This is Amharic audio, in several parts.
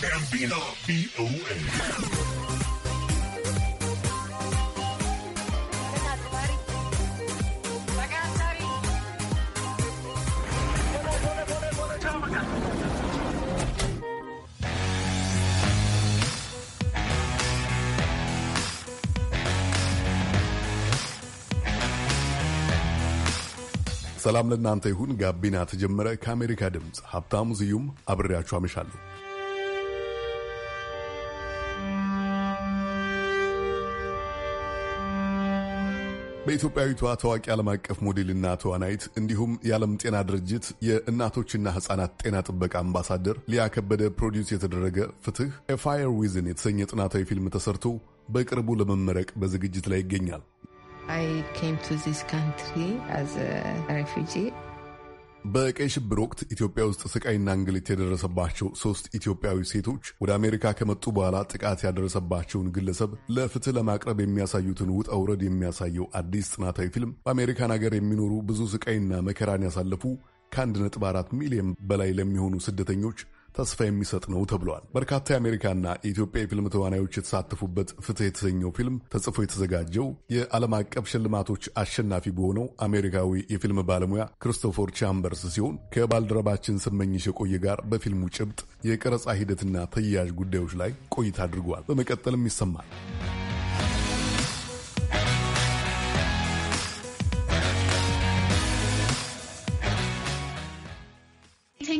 ጋቢና ቪኦኤ ሰላም ለእናንተ ይሁን። ጋቢና ተጀመረ። ከአሜሪካ ድምፅ ሀብታሙ ዝዩም አብሬያችሁ አመሻለሁ። በኢትዮጵያዊቷ ታዋቂ ዓለም አቀፍ ሞዴልና ተዋናይት እንዲሁም የዓለም ጤና ድርጅት የእናቶችና ሕፃናት ጤና ጥበቃ አምባሳደር ሊያ ከበደ ፕሮዲውስ የተደረገ ፍትህ ኤፋየር ዊዝን የተሰኘ ጥናታዊ ፊልም ተሰርቶ በቅርቡ ለመመረቅ በዝግጅት ላይ ይገኛል። I came to this country as a refugee በቀይ ሽብር ወቅት ኢትዮጵያ ውስጥ ስቃይና እንግልት የደረሰባቸው ሶስት ኢትዮጵያዊ ሴቶች ወደ አሜሪካ ከመጡ በኋላ ጥቃት ያደረሰባቸውን ግለሰብ ለፍትህ ለማቅረብ የሚያሳዩትን ውጣ ውረድ የሚያሳየው አዲስ ጥናታዊ ፊልም በአሜሪካን ሀገር የሚኖሩ ብዙ ስቃይና መከራን ያሳለፉ ከ1.4 አራት ሚሊዮን በላይ ለሚሆኑ ስደተኞች ተስፋ የሚሰጥ ነው ተብሏል። በርካታ የአሜሪካና የኢትዮጵያ የፊልም ተዋናዮች የተሳተፉበት ፍትህ የተሰኘው ፊልም ተጽፎ የተዘጋጀው የዓለም አቀፍ ሽልማቶች አሸናፊ በሆነው አሜሪካዊ የፊልም ባለሙያ ክሪስቶፈር ቻምበርስ ሲሆን ከባልደረባችን ስመኝሽ የቆየ ጋር በፊልሙ ጭብጥ የቀረጻ ሂደትና ተያያዥ ጉዳዮች ላይ ቆይታ አድርጓል። በመቀጠልም ይሰማል።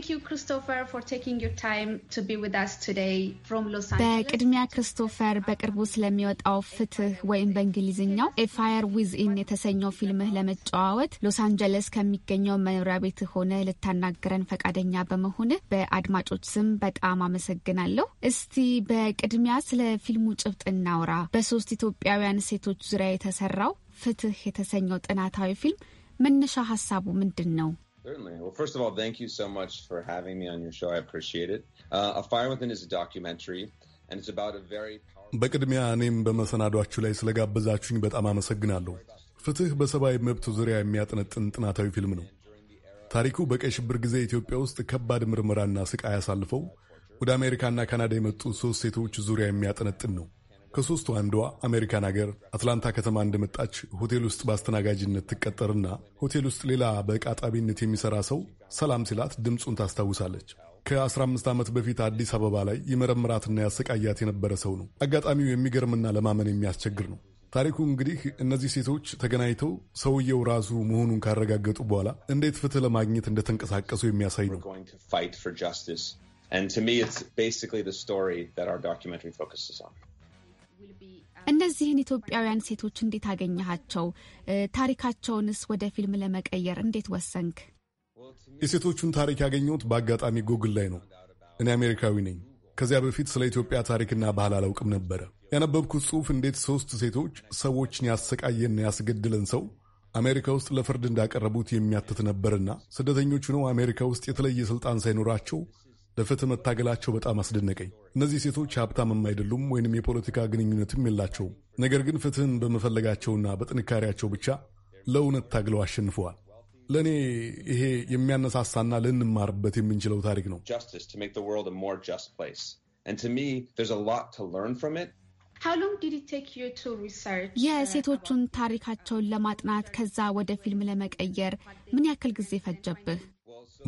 you, Christopher, for taking your time to be with us today from Los Angeles. በቅድሚያ ክርስቶፈር በቅርቡ ስለሚወጣው ፍትህ ወይም በእንግሊዝኛው ኤፋየር ዊዝኢን የተሰኘው ፊልምህ ለመጨዋወት ሎስ አንጀለስ ከሚገኘው መኖሪያ ቤት ሆነ ልታናገረን ፈቃደኛ በመሆንህ በአድማጮች ስም በጣም አመሰግናለሁ። እስቲ በቅድሚያ ስለ ፊልሙ ጭብጥ እናውራ። በሶስት ኢትዮጵያውያን ሴቶች ዙሪያ የተሰራው ፍትህ የተሰኘው ጥናታዊ ፊልም መነሻ ሀሳቡ ምንድን ነው? Certainly. Well, first of all, thank you so much for having me on your show. I appreciate it. Uh, a Fire Within is a documentary. And it's about a very powerful... በቅድሚያ እኔም በመሰናዷችሁ ላይ ስለጋበዛችሁኝ በጣም አመሰግናለሁ። ፍትህ በሰብአዊ መብት ዙሪያ የሚያጠነጥን ጥናታዊ ፊልም ነው። ታሪኩ በቀይ ሽብር ጊዜ ኢትዮጵያ ውስጥ ከባድ ምርመራና ስቃይ አሳልፈው ወደ አሜሪካና ካናዳ የመጡ ሶስት ሴቶች ዙሪያ የሚያጠነጥን ነው። ከሶስቱ አንዷ አሜሪካን ሀገር አትላንታ ከተማ እንደመጣች ሆቴል ውስጥ በአስተናጋጅነት ትቀጠርና ሆቴል ውስጥ ሌላ በዕቃ ጣቢነት ሰው ሰላም ሲላት ድምፁን ታስታውሳለች። ከ15 ዓመት በፊት አዲስ አበባ ላይ የመረምራትና ያሰቃያት የነበረ ሰው ነው። አጋጣሚው የሚገርምና ለማመን የሚያስቸግር ነው። ታሪኩ እንግዲህ እነዚህ ሴቶች ተገናኝተው ሰውየው ራሱ መሆኑን ካረጋገጡ በኋላ እንዴት ፍትህ ለማግኘት እንደተንቀሳቀሱ የሚያሳይ ነው። And to me, it's basically the story that our documentary focuses on. እነዚህን ኢትዮጵያውያን ሴቶች እንዴት አገኘሃቸው? ታሪካቸውንስ ወደ ፊልም ለመቀየር እንዴት ወሰንክ? የሴቶቹን ታሪክ ያገኘሁት በአጋጣሚ ጎግል ላይ ነው። እኔ አሜሪካዊ ነኝ። ከዚያ በፊት ስለ ኢትዮጵያ ታሪክና ባህል አላውቅም ነበረ። ያነበብኩት ጽሑፍ እንዴት ሶስት ሴቶች ሰዎችን ያሰቃየና ያስገድለን ሰው አሜሪካ ውስጥ ለፍርድ እንዳቀረቡት የሚያትት ነበርና ስደተኞቹ ነው አሜሪካ ውስጥ የተለየ ስልጣን ሳይኖራቸው ለፍትህ መታገላቸው በጣም አስደነቀኝ። እነዚህ ሴቶች ሀብታምም አይደሉም ወይንም የፖለቲካ ግንኙነትም የላቸውም። ነገር ግን ፍትህን በመፈለጋቸውና በጥንካሬያቸው ብቻ ለእውነት ታግለው አሸንፈዋል። ለእኔ ይሄ የሚያነሳሳና ልንማርበት የምንችለው ታሪክ ነው። uh, የሴቶቹን ታሪካቸውን ለማጥናት ከዛ ወደ ፊልም ለመቀየር ምን ያክል ጊዜ ፈጀብህ?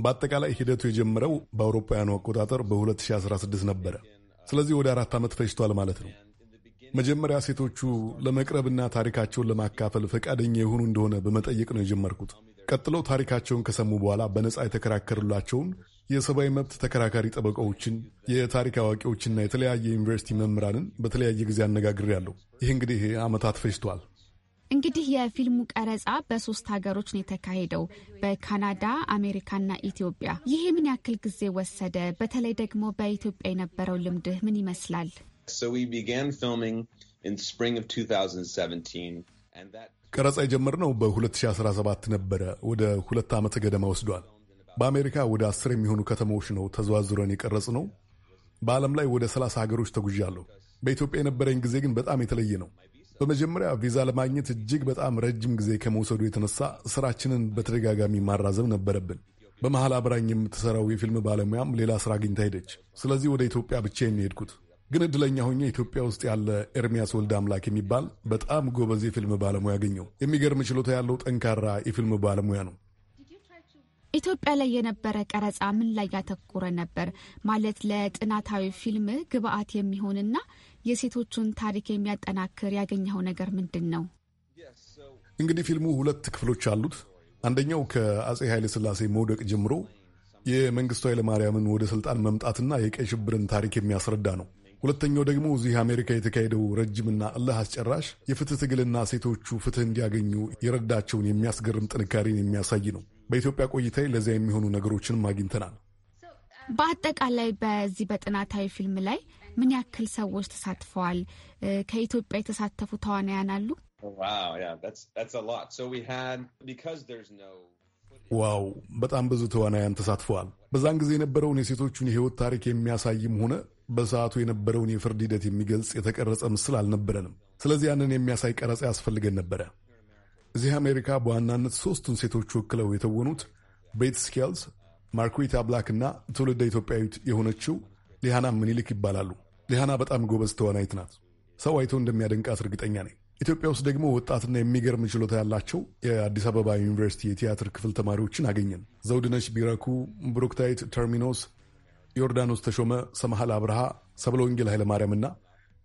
በአጠቃላይ ሂደቱ የጀመረው በአውሮፓውያኑ አቆጣጠር በ2016 ነበረ። ስለዚህ ወደ አራት ዓመት ፈጅቷል ማለት ነው። መጀመሪያ ሴቶቹ ለመቅረብና ታሪካቸውን ለማካፈል ፈቃደኛ የሆኑ እንደሆነ በመጠየቅ ነው የጀመርኩት። ቀጥለው ታሪካቸውን ከሰሙ በኋላ በነፃ የተከራከሩላቸውን የሰብአዊ መብት ተከራካሪ ጠበቃዎችን፣ የታሪክ አዋቂዎችና የተለያየ ዩኒቨርሲቲ መምህራንን በተለያየ ጊዜ አነጋግሬያለሁ። ይህ እንግዲህ ዓመታት ፈጅቷል። እንግዲህ የፊልሙ ቀረጻ በሶስት ሀገሮች ነው የተካሄደው፣ በካናዳ፣ አሜሪካና ኢትዮጵያ። ይሄ ምን ያክል ጊዜ ወሰደ? በተለይ ደግሞ በኢትዮጵያ የነበረው ልምድህ ምን ይመስላል? ቀረጻ የጀመርነው በ2017 ነበረ። ወደ ሁለት ዓመት ገደማ ወስዷል። በአሜሪካ ወደ አስር የሚሆኑ ከተሞች ነው ተዘዋዝረን የቀረጽ ነው። በዓለም ላይ ወደ ሰላሳ ሀገሮች ተጉዣለሁ። በኢትዮጵያ የነበረኝ ጊዜ ግን በጣም የተለየ ነው። በመጀመሪያ ቪዛ ለማግኘት እጅግ በጣም ረጅም ጊዜ ከመውሰዱ የተነሳ ስራችንን በተደጋጋሚ ማራዘም ነበረብን። በመሀል አብራኝ የምትሰራው የፊልም ባለሙያም ሌላ ስራ አግኝታ ሄደች። ስለዚህ ወደ ኢትዮጵያ ብቻ የሚሄድኩት ግን እድለኛ ሆኜ ኢትዮጵያ ውስጥ ያለ ኤርሚያስ ወልድ አምላክ የሚባል በጣም ጎበዝ የፊልም ባለሙያ አገኘው። የሚገርም ችሎታ ያለው ጠንካራ የፊልም ባለሙያ ነው። ኢትዮጵያ ላይ የነበረ ቀረጻ ምን ላይ ያተኮረ ነበር? ማለት ለጥናታዊ ፊልም ግብአት የሚሆንና የሴቶቹን ታሪክ የሚያጠናክር ያገኘኸው ነገር ምንድን ነው? እንግዲህ ፊልሙ ሁለት ክፍሎች አሉት። አንደኛው ከአጼ ኃይለ ሥላሴ መውደቅ ጀምሮ የመንግስቱ ኃይለ ማርያምን ወደ ሥልጣን መምጣትና የቀይ ሽብርን ታሪክ የሚያስረዳ ነው። ሁለተኛው ደግሞ እዚህ አሜሪካ የተካሄደው ረጅምና እልህ አስጨራሽ የፍትህ ትግልና ሴቶቹ ፍትህ እንዲያገኙ የረዳቸውን የሚያስገርም ጥንካሬን የሚያሳይ ነው። በኢትዮጵያ ቆይታ ለዚያ የሚሆኑ ነገሮችንም አግኝተናል። በአጠቃላይ በዚህ በጥናታዊ ፊልም ላይ ምን ያክል ሰዎች ተሳትፈዋል? ከኢትዮጵያ የተሳተፉ ተዋናያን አሉ? ዋው በጣም ብዙ ተዋናያን ተሳትፈዋል። በዛን ጊዜ የነበረውን የሴቶቹን የህይወት ታሪክ የሚያሳይም ሆነ በሰዓቱ የነበረውን የፍርድ ሂደት የሚገልጽ የተቀረጸ ምስል አልነበረንም። ስለዚህ ያንን የሚያሳይ ቀረጽ ያስፈልገን ነበረ። እዚህ አሜሪካ በዋናነት ሦስቱን ሴቶች ወክለው የተወኑት ቤት ስኬልስ፣ ማርኩዊታ ብላክ እና ትውልደ ኢትዮጵያዊት የሆነችው ሊሃና ምኒልክ ይባላሉ። ሊሃና በጣም ጎበዝ ተዋናይት ናት። ሰው አይቶ እንደሚያደንቃት እርግጠኛ ነኝ። ኢትዮጵያ ውስጥ ደግሞ ወጣትና የሚገርም ችሎታ ያላቸው የአዲስ አበባ ዩኒቨርሲቲ የቲያትር ክፍል ተማሪዎችን አገኘን። ዘውድነሽ ቢረኩ፣ ብሩክታይት ተርሚኖስ፣ ዮርዳኖስ ተሾመ፣ ሰምሃል አብርሃ፣ ሰብለ ወንጌል ኃይለማርያምና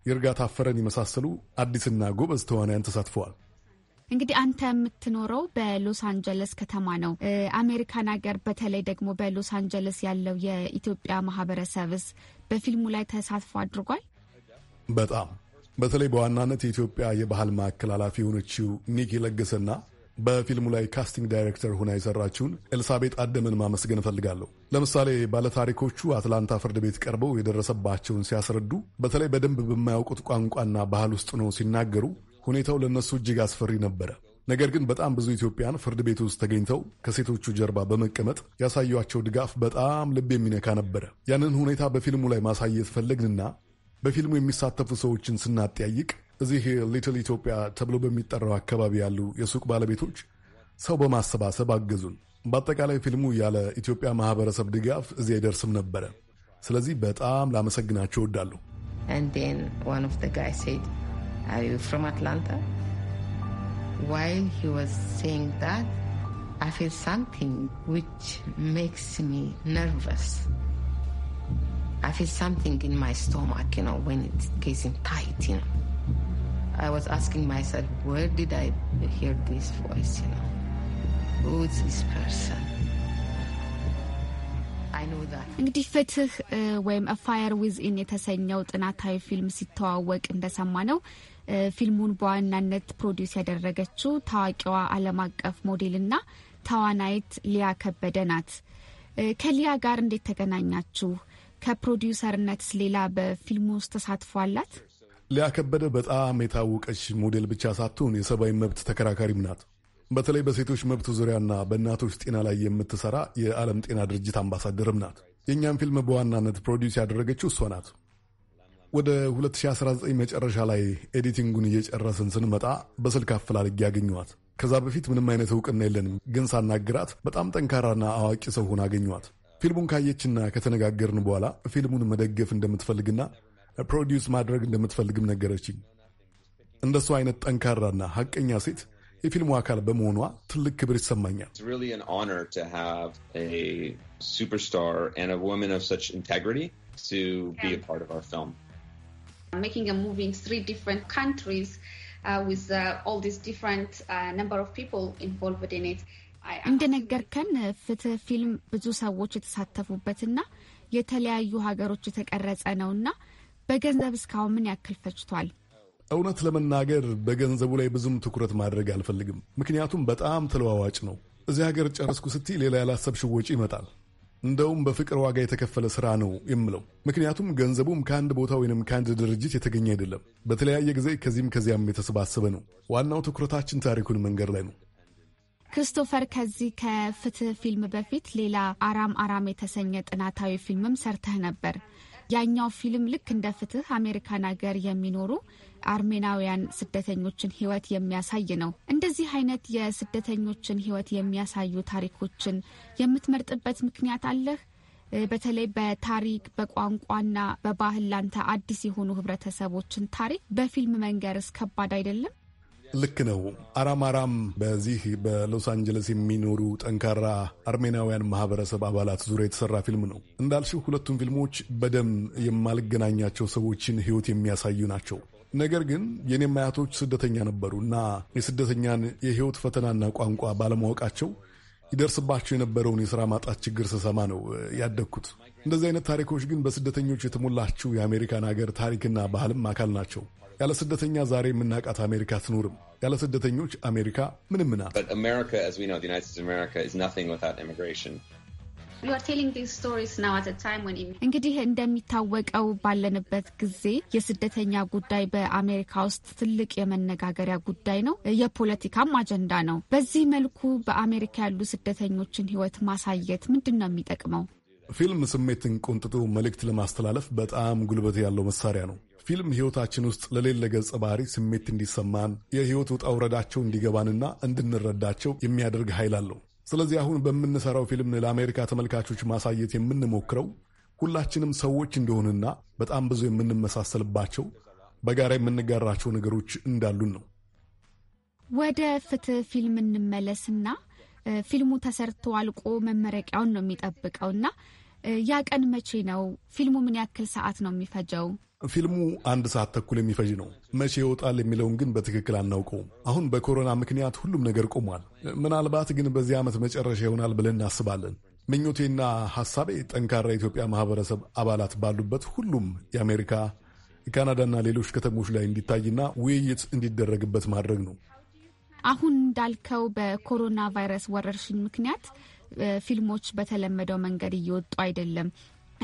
የእርጋ ታፈረን የመሳሰሉ አዲስና ጎበዝ ተዋናያን ተሳትፈዋል። እንግዲህ አንተ የምትኖረው በሎስ አንጀለስ ከተማ ነው። አሜሪካን ሀገር በተለይ ደግሞ በሎስ አንጀለስ ያለው የኢትዮጵያ ማህበረሰብስ በፊልሙ ላይ ተሳትፎ አድርጓል? በጣም በተለይ በዋናነት የኢትዮጵያ የባህል ማዕከል ኃላፊ የሆነችው ኒክ ለገሰና በፊልሙ ላይ ካስቲንግ ዳይሬክተር ሆና የሰራችውን ኤልሳቤጥ አደምን ማመስገን እፈልጋለሁ። ለምሳሌ ባለታሪኮቹ አትላንታ ፍርድ ቤት ቀርበው የደረሰባቸውን ሲያስረዱ በተለይ በደንብ በማያውቁት ቋንቋና ባህል ውስጥ ነው ሲናገሩ ሁኔታው ለእነሱ እጅግ አስፈሪ ነበረ። ነገር ግን በጣም ብዙ ኢትዮጵያን ፍርድ ቤት ውስጥ ተገኝተው ከሴቶቹ ጀርባ በመቀመጥ ያሳዩቸው ድጋፍ በጣም ልብ የሚነካ ነበረ። ያንን ሁኔታ በፊልሙ ላይ ማሳየት ፈለግንና በፊልሙ የሚሳተፉ ሰዎችን ስናጠያይቅ እዚህ ሊትል ኢትዮጵያ ተብሎ በሚጠራው አካባቢ ያሉ የሱቅ ባለቤቶች ሰው በማሰባሰብ አገዙን። በአጠቃላይ ፊልሙ ያለ ኢትዮጵያ ማህበረሰብ ድጋፍ እዚህ አይደርስም ነበረ። ስለዚህ በጣም ላመሰግናቸው እወዳለሁ። Are you from Atlanta? While he was saying that, I feel something which makes me nervous. I feel something in my stomach, you know, when it's getting tight, you know. I was asking myself, where did I hear this voice, you know? Who's this person? እንግዲህ ፍትህ uh, ወይም ፋየር ዊዝኢን የተሰኘው ጥናታዊ ፊልም ሲተዋወቅ እንደሰማ ነው ፊልሙን በዋናነት ፕሮዲውስ ያደረገችው ታዋቂዋ ዓለም አቀፍ ሞዴልና ተዋናይት ሊያ ከበደ ናት። ከሊያ ጋር እንዴት ተገናኛችሁ? ከፕሮዲውሰርነት ሌላ በፊልሙ ውስጥ ተሳትፎ አላት? ሊያ ከበደ በጣም የታወቀች ሞዴል ብቻ ሳትሆን የሰብአዊ መብት ተከራካሪም ናት። በተለይ በሴቶች መብት ዙሪያና በእናቶች ጤና ላይ የምትሰራ የዓለም ጤና ድርጅት አምባሳደርም ናት። የእኛም ፊልም በዋናነት ፕሮዲውስ ያደረገችው እሷ ናት። ወደ 2019 መጨረሻ ላይ ኤዲቲንጉን እየጨረስን ስንመጣ በስልክ አፈላልጌ ያገኘዋት ከዛ በፊት ምንም አይነት እውቅና የለንም፣ ግን ሳናግራት በጣም ጠንካራና አዋቂ ሰው ሆና አገኘኋት። ፊልሙን ካየችና ከተነጋገርን በኋላ ፊልሙን መደገፍ እንደምትፈልግና ፕሮዲውስ ማድረግ እንደምትፈልግም ነገረችኝ። እንደሱ አይነት ጠንካራና ሀቀኛ ሴት የፊልሙ አካል በመሆኗ ትልቅ ክብር ይሰማኛል። making a movie in three different countries uh, with uh, all these different uh, number of people involved in it. እንደነገርከን ፍትህ ፊልም ብዙ ሰዎች የተሳተፉበትና የተለያዩ ሀገሮች የተቀረጸ ነውና በገንዘብ እስካሁን ምን ያክል ፈጅቷል? እውነት ለመናገር በገንዘቡ ላይ ብዙም ትኩረት ማድረግ አልፈልግም፣ ምክንያቱም በጣም ተለዋዋጭ ነው። እዚህ ሀገር ጨረስኩ ስትይ ሌላ ያላሰብሽው ወጪ ይመጣል። እንደውም በፍቅር ዋጋ የተከፈለ ስራ ነው የምለው። ምክንያቱም ገንዘቡም ከአንድ ቦታ ወይንም ከአንድ ድርጅት የተገኘ አይደለም። በተለያየ ጊዜ ከዚህም ከዚያም የተሰባሰበ ነው። ዋናው ትኩረታችን ታሪኩን መንገድ ላይ ነው። ክርስቶፈር ከዚህ ከፍትህ ፊልም በፊት ሌላ አራም አራም የተሰኘ ጥናታዊ ፊልምም ሰርተህ ነበር። ያኛው ፊልም ልክ እንደ ፍትህ አሜሪካን ሀገር የሚኖሩ አርሜናውያን ስደተኞችን ህይወት የሚያሳይ ነው። እንደዚህ አይነት የስደተኞችን ህይወት የሚያሳዩ ታሪኮችን የምትመርጥበት ምክንያት አለህ? በተለይ በታሪክ በቋንቋና በባህል ላንተ አዲስ የሆኑ ህብረተሰቦችን ታሪክ በፊልም መንገርስ ከባድ አይደለም? ልክ ነው። አራም አራም በዚህ በሎስ አንጀለስ የሚኖሩ ጠንካራ አርሜናውያን ማህበረሰብ አባላት ዙሪያ የተሰራ ፊልም ነው። እንዳልሽው ሁለቱም ፊልሞች በደም የማልገናኛቸው ሰዎችን ህይወት የሚያሳዩ ናቸው። ነገር ግን የኔም አያቶች ስደተኛ ነበሩ እና የስደተኛን የህይወት ፈተናና ቋንቋ ባለማወቃቸው ይደርስባቸው የነበረውን የሥራ ማጣት ችግር ስሰማ ነው ያደግኩት። እንደዚህ አይነት ታሪኮች ግን በስደተኞች የተሞላችው የአሜሪካን ሀገር ታሪክና ባህልም አካል ናቸው። ያለ ስደተኛ ዛሬ የምናውቃት አሜሪካ አትኖርም። ያለ ስደተኞች አሜሪካ ምንም ናት። እንግዲህ እንደሚታወቀው ባለንበት ጊዜ የስደተኛ ጉዳይ በአሜሪካ ውስጥ ትልቅ የመነጋገሪያ ጉዳይ ነው። የፖለቲካም አጀንዳ ነው። በዚህ መልኩ በአሜሪካ ያሉ ስደተኞችን ሕይወት ማሳየት ምንድን ነው የሚጠቅመው? ፊልም ስሜትን ቆንጥጦ መልእክት ለማስተላለፍ በጣም ጉልበት ያለው መሳሪያ ነው። ፊልም ሕይወታችን ውስጥ ለሌለ ገጸ ባህሪ ስሜት እንዲሰማን የሕይወት ውጣ ውረዳቸው እንዲገባንና እንድንረዳቸው የሚያደርግ ኃይል አለው። ስለዚህ አሁን በምንሰራው ፊልም ለአሜሪካ ተመልካቾች ማሳየት የምንሞክረው ሁላችንም ሰዎች እንደሆንና በጣም ብዙ የምንመሳሰልባቸው በጋራ የምንጋራቸው ነገሮች እንዳሉን ነው። ወደ ፍትህ ፊልም እንመለስና ፊልሙ ተሰርቶ አልቆ መመረቂያውን ነው የሚጠብቀውና ያ ቀን መቼ ነው? ፊልሙ ምን ያክል ሰዓት ነው የሚፈጀው? ፊልሙ አንድ ሰዓት ተኩል የሚፈጅ ነው። መቼ ይወጣል የሚለውን ግን በትክክል አናውቀውም። አሁን በኮሮና ምክንያት ሁሉም ነገር ቆሟል። ምናልባት ግን በዚህ ዓመት መጨረሻ ይሆናል ብለን እናስባለን። ምኞቴና ሐሳቤ ጠንካራ የኢትዮጵያ ማህበረሰብ አባላት ባሉበት ሁሉም የአሜሪካ ካናዳና ሌሎች ከተሞች ላይ እንዲታይና ውይይት እንዲደረግበት ማድረግ ነው። አሁን እንዳልከው በኮሮና ቫይረስ ወረርሽኝ ምክንያት ፊልሞች በተለመደው መንገድ እየወጡ አይደለም።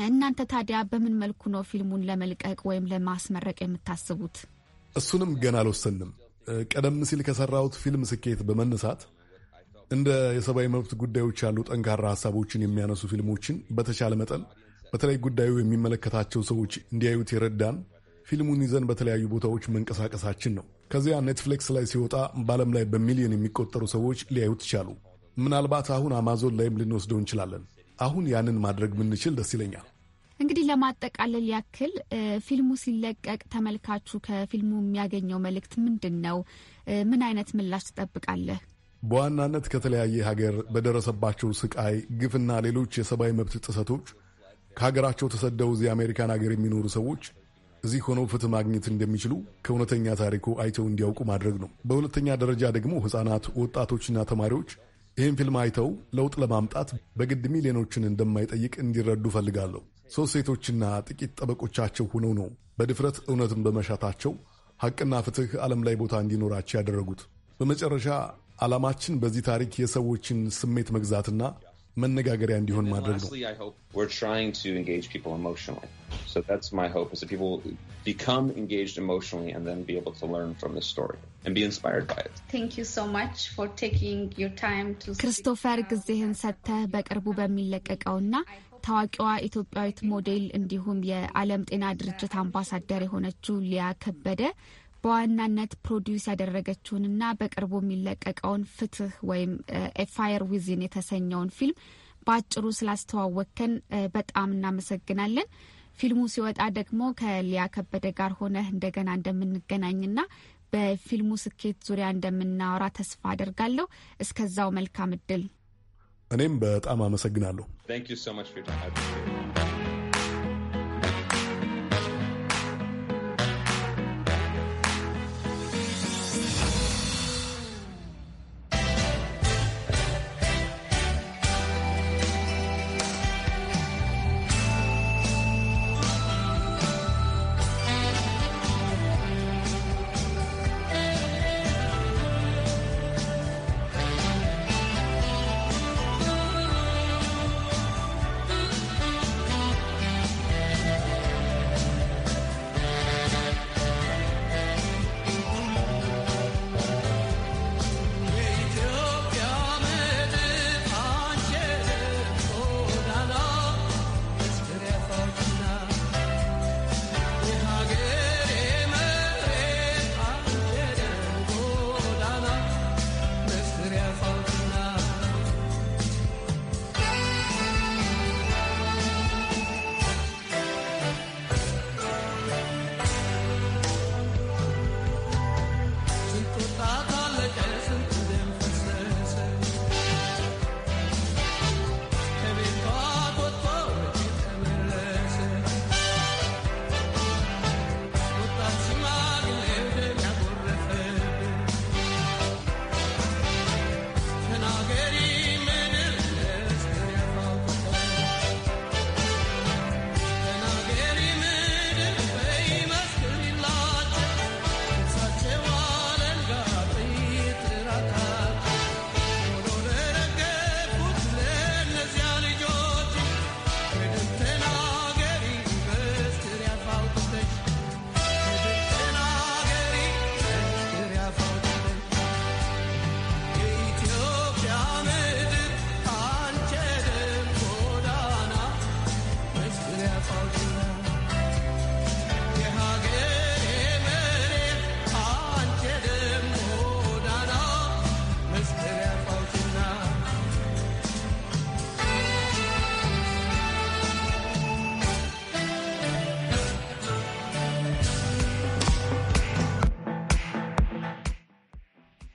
እናንተ ታዲያ በምን መልኩ ነው ፊልሙን ለመልቀቅ ወይም ለማስመረቅ የምታስቡት? እሱንም ገና አልወሰንም። ቀደም ሲል ከሰራሁት ፊልም ስኬት በመነሳት እንደ የሰብአዊ መብት ጉዳዮች ያሉ ጠንካራ ሀሳቦችን የሚያነሱ ፊልሞችን በተቻለ መጠን በተለይ ጉዳዩ የሚመለከታቸው ሰዎች እንዲያዩት የረዳን ፊልሙን ይዘን በተለያዩ ቦታዎች መንቀሳቀሳችን ነው። ከዚያ ኔትፍሊክስ ላይ ሲወጣ በዓለም ላይ በሚሊዮን የሚቆጠሩ ሰዎች ሊያዩት ቻሉ። ምናልባት አሁን አማዞን ላይም ልንወስደው እንችላለን። አሁን ያንን ማድረግ ምንችል ደስ ይለኛል። እንግዲህ ለማጠቃለል ያክል ፊልሙ ሲለቀቅ ተመልካቹ ከፊልሙ የሚያገኘው መልእክት ምንድን ነው? ምን አይነት ምላሽ ትጠብቃለህ? በዋናነት ከተለያየ ሀገር በደረሰባቸው ስቃይ፣ ግፍና ሌሎች የሰብአዊ መብት ጥሰቶች ከሀገራቸው ተሰደው እዚህ አሜሪካን ሀገር የሚኖሩ ሰዎች እዚህ ሆነው ፍትህ ማግኘት እንደሚችሉ ከእውነተኛ ታሪኩ አይተው እንዲያውቁ ማድረግ ነው። በሁለተኛ ደረጃ ደግሞ ሕፃናት፣ ወጣቶችና ተማሪዎች ይህን ፊልም አይተው ለውጥ ለማምጣት በግድ ሚሊዮኖችን እንደማይጠይቅ እንዲረዱ ፈልጋለሁ። ሦስት ሴቶችና ጥቂት ጠበቆቻቸው ሆነው ነው በድፍረት እውነትን በመሻታቸው ሐቅና ፍትሕ ዓለም ላይ ቦታ እንዲኖራቸው ያደረጉት። በመጨረሻ ዓላማችን በዚህ ታሪክ የሰዎችን ስሜት መግዛትና መነጋገሪያ እንዲሆን ማድረግ ነው። ክርስቶፈር ጊዜህን ሰጥተህ በቅርቡ በሚለቀቀውና ታዋቂዋ ኢትዮጵያዊት ሞዴል እንዲሁም የዓለም ጤና ድርጅት አምባሳደር የሆነችው ሊያ ከበደ በዋናነት ፕሮዲውስ ያደረገችውንና በቅርቡ የሚለቀቀውን ፍትህ ወይም ኤፋየር ዊዝን የተሰኘውን ፊልም በአጭሩ ስላስተዋወቅከን በጣም እናመሰግናለን። ፊልሙ ሲወጣ ደግሞ ከሊያ ከበደ ጋር ሆነህ እንደገና እንደምንገናኝና በፊልሙ ስኬት ዙሪያ እንደምናወራ ተስፋ አደርጋለሁ። እስከዛው መልካም እድል። እኔም በጣም አመሰግናለሁ።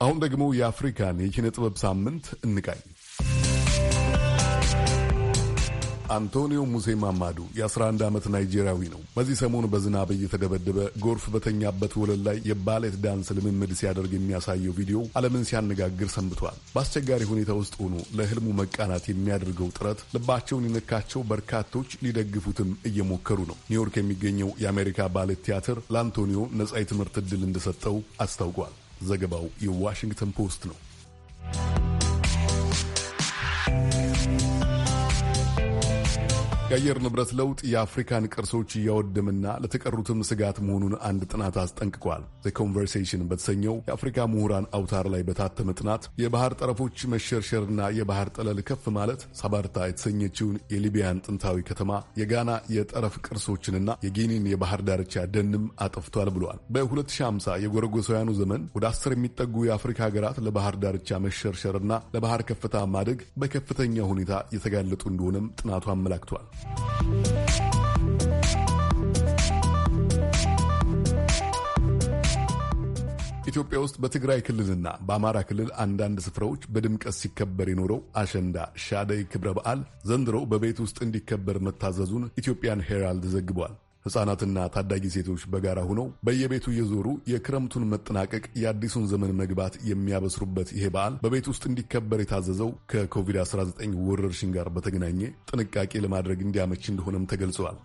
አሁን ደግሞ የአፍሪካን የኪነ ጥበብ ሳምንት እንቃኝ። አንቶኒዮ ሙሴ ማማዱ የ11 ዓመት ናይጄሪያዊ ነው። በዚህ ሰሞን በዝናብ እየተደበደበ ጎርፍ በተኛበት ወለል ላይ የባሌት ዳንስ ልምምድ ሲያደርግ የሚያሳየው ቪዲዮ ዓለምን ሲያነጋግር ሰንብቷል። በአስቸጋሪ ሁኔታ ውስጥ ሆኖ ለህልሙ መቃናት የሚያደርገው ጥረት ልባቸውን የነካቸው በርካቶች ሊደግፉትም እየሞከሩ ነው። ኒውዮርክ የሚገኘው የአሜሪካ ባሌት ቲያትር ለአንቶኒዮ ነጻ የትምህርት ዕድል እንደሰጠው አስታውቋል። ዘገባው የዋሽንግተን ፖስት ነው። የአየር ንብረት ለውጥ የአፍሪካን ቅርሶች እያወደምና ለተቀሩትም ስጋት መሆኑን አንድ ጥናት አስጠንቅቋል። ዘ ኮንቨርሴሽን በተሰኘው የአፍሪካ ምሁራን አውታር ላይ በታተመ ጥናት የባህር ጠረፎች መሸርሸርና የባህር ጠለል ከፍ ማለት ሳባርታ የተሰኘችውን የሊቢያን ጥንታዊ ከተማ፣ የጋና የጠረፍ ቅርሶችንና የጊኒን የባህር ዳርቻ ደንም አጠፍቷል ብሏል። በ2050 የጎረጎሳውያኑ ዘመን ወደ አስር የሚጠጉ የአፍሪካ ሀገራት ለባህር ዳርቻ መሸርሸርና ለባህር ከፍታ ማደግ በከፍተኛ ሁኔታ የተጋለጡ እንደሆነም ጥናቱ አመላክቷል። ኢትዮጵያ ውስጥ በትግራይ ክልልና በአማራ ክልል አንዳንድ ስፍራዎች በድምቀት ሲከበር የኖረው አሸንዳ ሻደይ ክብረ በዓል ዘንድሮ በቤት ውስጥ እንዲከበር መታዘዙን ኢትዮጵያን ሄራልድ ዘግቧል። ሕጻናትና ታዳጊ ሴቶች በጋራ ሆነው በየቤቱ እየዞሩ የክረምቱን መጠናቀቅ የአዲሱን ዘመን መግባት የሚያበስሩበት ይሄ በዓል በቤት ውስጥ እንዲከበር የታዘዘው ከኮቪድ-19 ወረርሽኝ ጋር በተገናኘ ጥንቃቄ ለማድረግ እንዲያመች እንደሆነም ተገልጸዋል።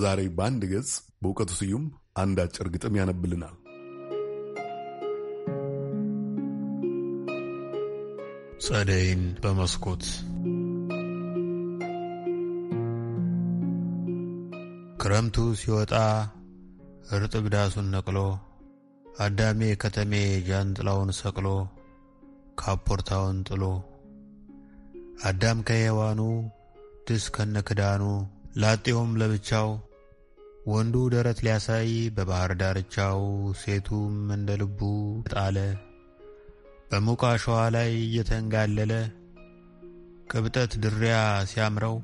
ዛሬ በአንድ ገጽ በእውቀቱ ስዩም አንድ አጭር ግጥም ያነብልናል። ጸደይን በመስኮት ክረምቱ ሲወጣ እርጥብ ዳሱን ነቅሎ አዳሜ ከተሜ ጃንጥላውን ሰቅሎ ካፖርታውን ጥሎ አዳም ከሔዋኑ ድስ ከነ ክዳኑ ላጤውም ለብቻው ወንዱ ደረት ሊያሳይ በባህር ዳርቻው፣ ሴቱም እንደ ልቡ ጣለ በሙቅ አሸዋ ላይ እየተንጋለለ ቅብጠት ድሪያ ሲያምረው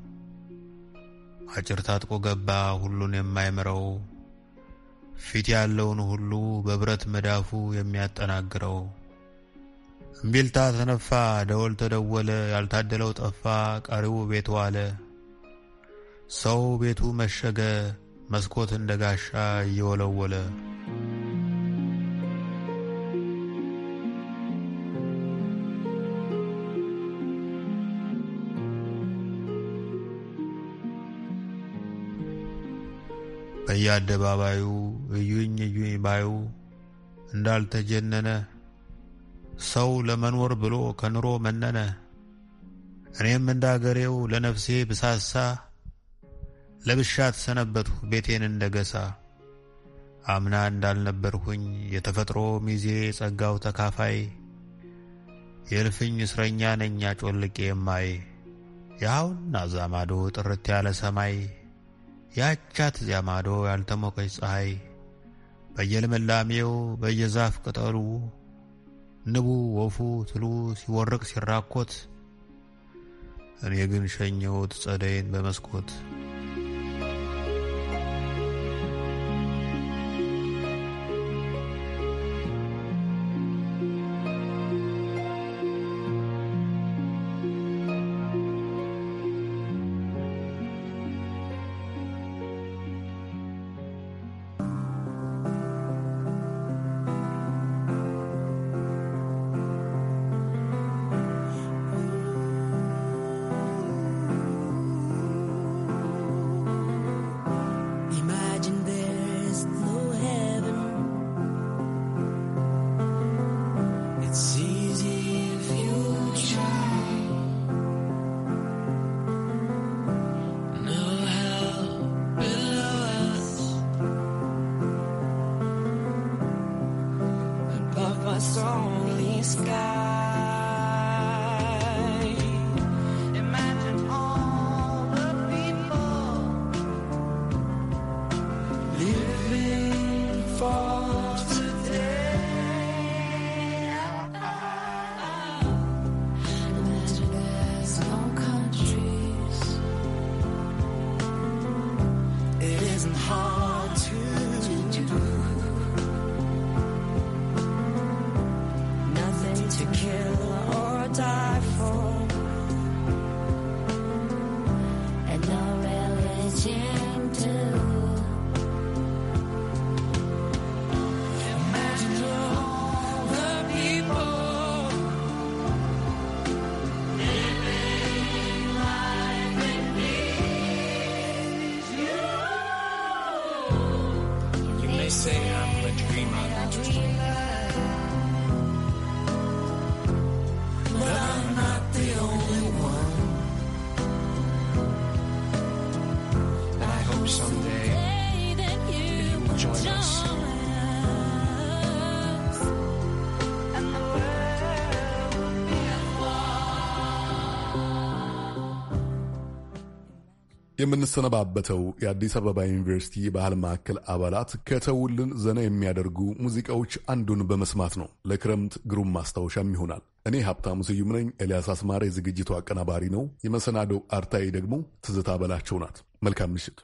አጭር ታጥቆ ገባ ሁሉን የማይምረው ፊት ያለውን ሁሉ በብረት መዳፉ የሚያጠናግረው እምቢልታ ተነፋ፣ ደወል ተደወለ፣ ያልታደለው ጠፋ፣ ቀሪው ቤቱ አለ ሰው ቤቱ መሸገ መስኮት እንደ ጋሻ እየወለወለ በየአደባባዩ እዩኝ እዩኝ ባዩ እንዳልተጀነነ ሰው ለመኖር ብሎ ከኑሮ መነነ። እኔም እንዳገሬው ለነፍሴ ብሳሳ ለብሻት ሰነበትሁ ቤቴን እንደ ገሳ አምና እንዳልነበርሁኝ የተፈጥሮ ሚዜ ጸጋው ተካፋይ የእልፍኝ እስረኛ ነኝ አጮልቄ የማይ ያሁን አዛማዶ ጥርት ያለ ሰማይ ያቻት ዚያማዶ ያልተሞቀች ፀሐይ በየልምላሜው በየዛፍ ቅጠሉ ንቡ ወፉ ትሉ ሲወርቅ ሲራኮት እኔ ግን ሸኘሁት ጸደይን በመስኮት chance. የምንሰነባበተው የአዲስ አበባ ዩኒቨርሲቲ የባህል ማዕከል አባላት ከተውልን ዘና የሚያደርጉ ሙዚቃዎች አንዱን በመስማት ነው። ለክረምት ግሩም ማስታወሻም ይሆናል። እኔ ሀብታሙ ስዩም ነኝ። ኤልያስ አስማሪ የዝግጅቱ አቀናባሪ ነው። የመሰናዶው አርታዬ ደግሞ ትዝታ በላቸው ናት። መልካም ምሽት።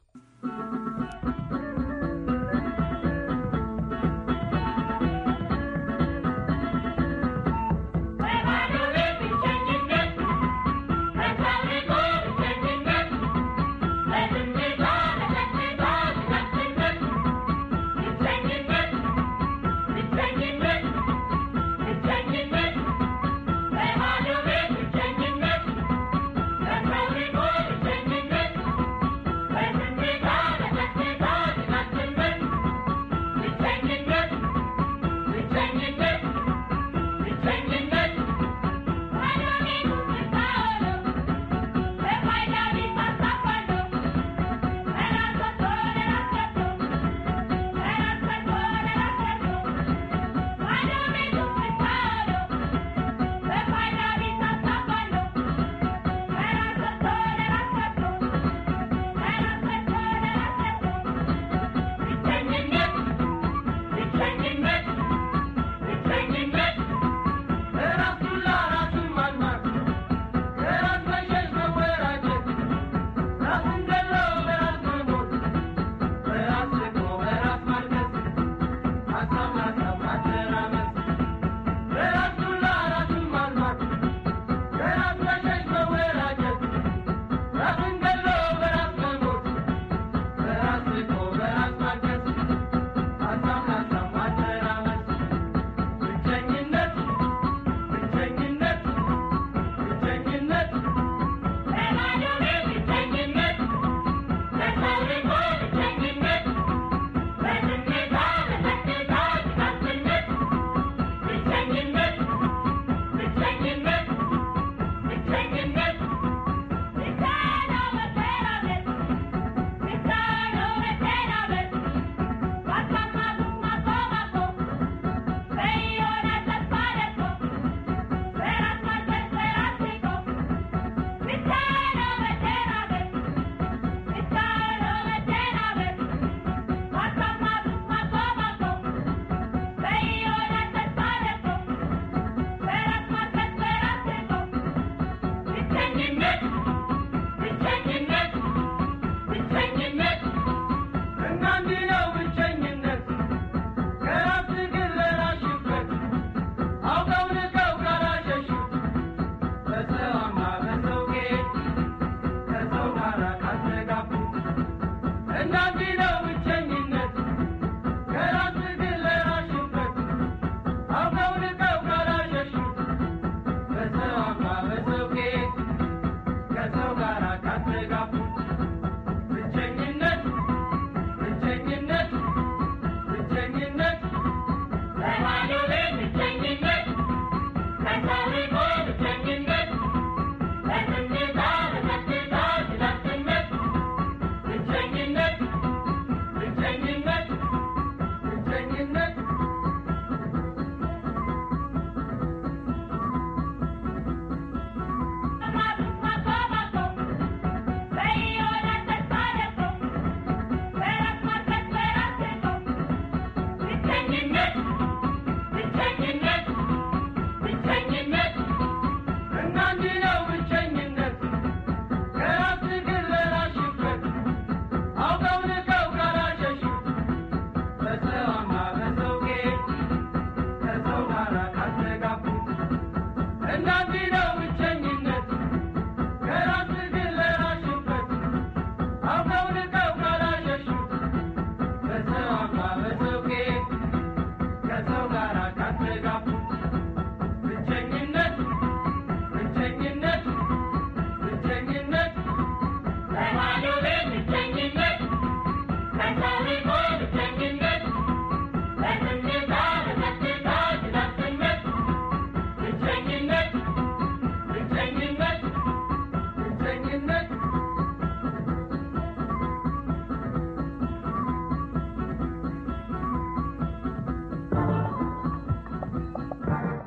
Sandino.